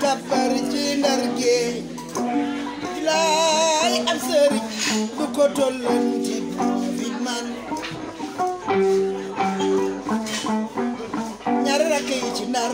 kàppar ci ndar géej laay am sëriñ du ko ci man ñaari yi ci ndar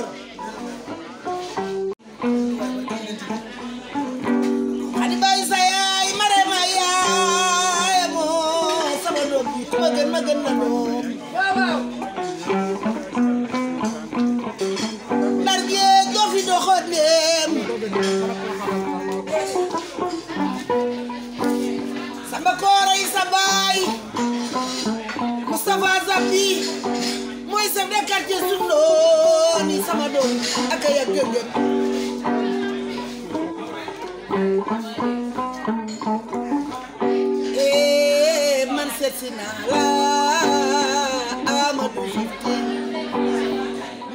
chef de quartier sundoo ni sama doom ak ay ak gëngëm eh man seet si naa la Amadou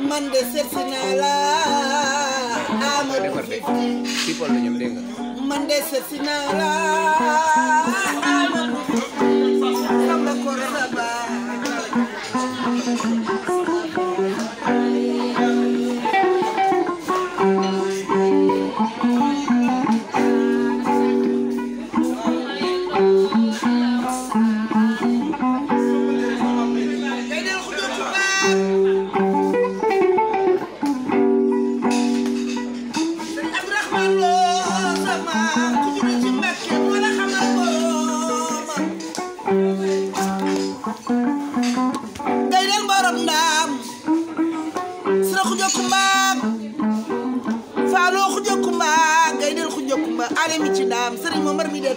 man de seet si naa la Amadou man de seet si naa la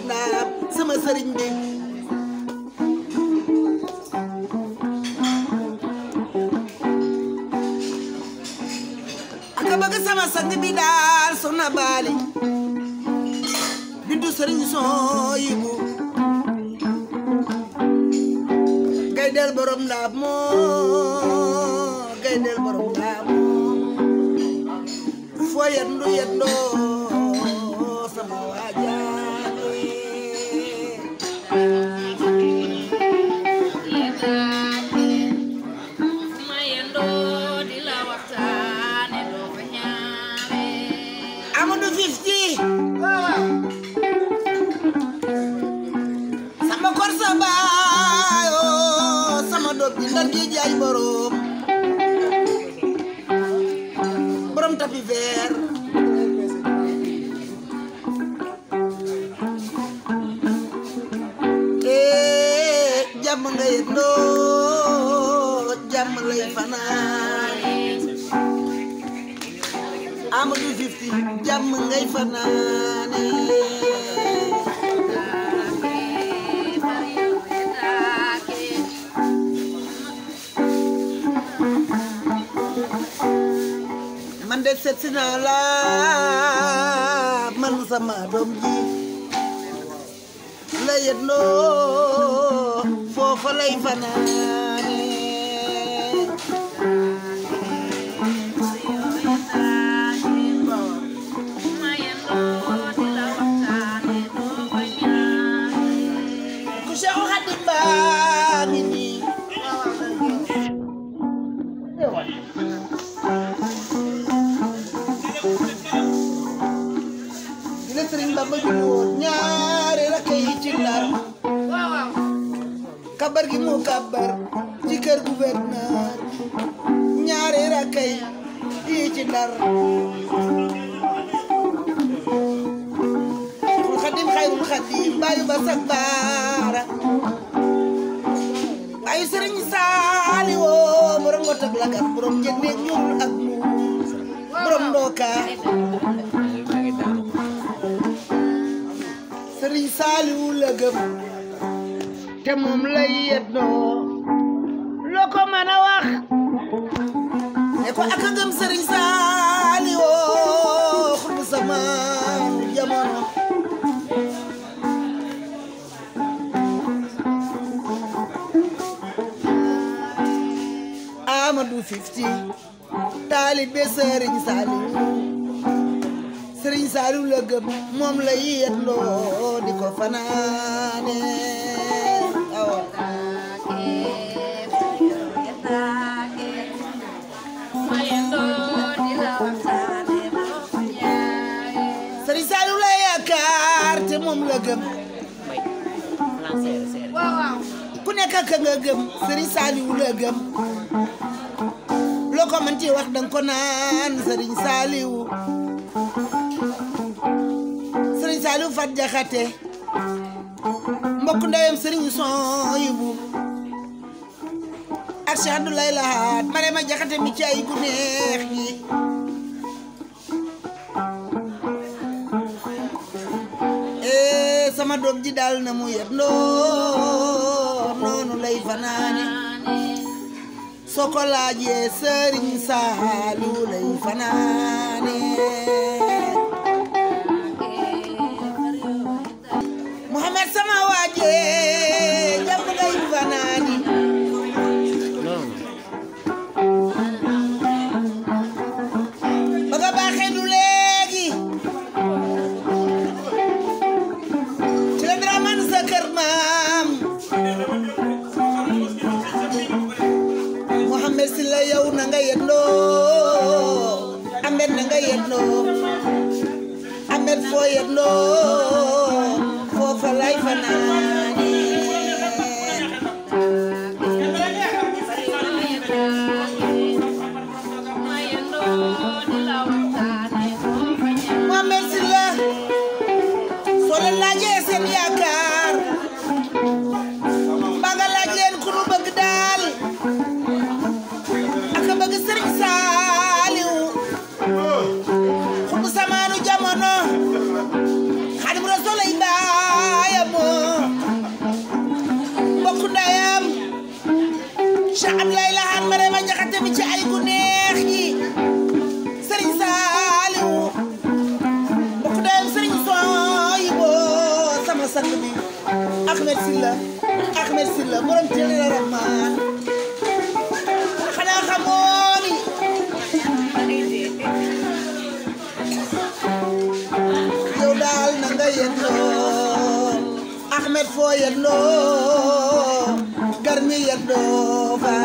gërëm sama sëriñ bi aka bëgg sama sang bi daal soxna baali bindu sëriñ Soyibu gaydel borom ndaab moo gaydel borom ndaab moo fo yet ndu kor sa baayoo oh, sama doom bi ndar gi jaay borom borom tapi veer ee eh, jàmm nga yendoo jàmm lay fanaan Amadou Fifty jàmm ngay fanaane man de la man sama doom ji la yet loo foofa lay fanaan nu kàbbar ci kër gouverneur ñaari rakay yi ci Ndar xul xadim xayrul xadim baayu ba sak baara baayu sëriñ saali woo borom ngotak lagat borom jënne ñuul ak ñuul borom ndooka sëriñ saaliwu la te moom lay yednoo loo ko mën a wax ne ko ak a gëm sëriñ saali woo xutbu sama jamono Amadou fifty taalibe sëriñ saali sëriñ saali la gëm moom lay yednoo di ko fanaane ku nekk ak nga gëm Serigne Saliou la gëm. loo ko mën ci wax danga ko naan Serigne Saliou. Serigne Saliou Fat Jaxate mbokk ndeyam Serigne Soyibu ak Cheikh Abdoulaye Lahat Marema mi ci ay neex ñi sama doom ji daal na mu yet noonu lay fanaane soo ko Saalu lay fanaane sang bi Ahmed Sylla Ahmed Sylla borom Jaliil Rahmaan xanaa xamoo ni yow daal na nga yendoo Ahmed foo yendoo garmi yendoo fa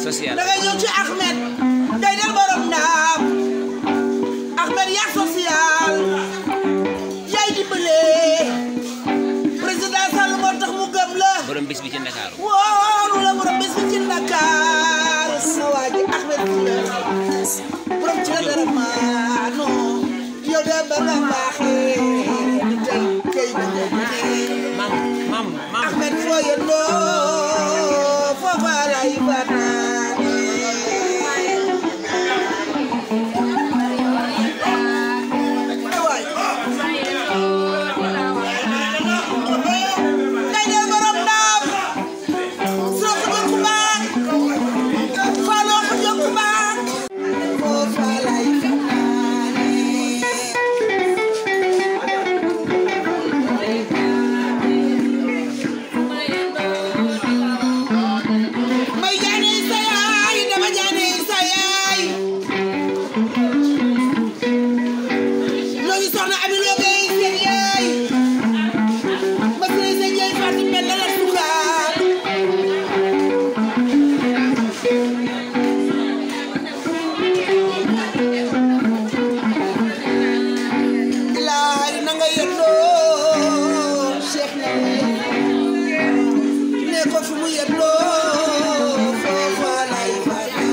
social da Ahmed day del borom naam Ahmed yaa social yaay dimbale président Sall moo tax mu gëm la bi ci Ndakaaru wóolu Ahmed borom ci la dara maa baax baay na nga yelloo Cheikh na ne ko fu mu yelloo foofa lay fayal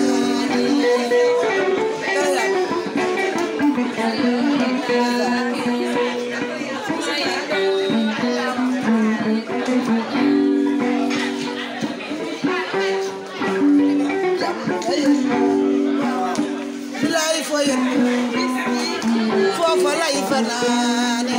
lay fanaan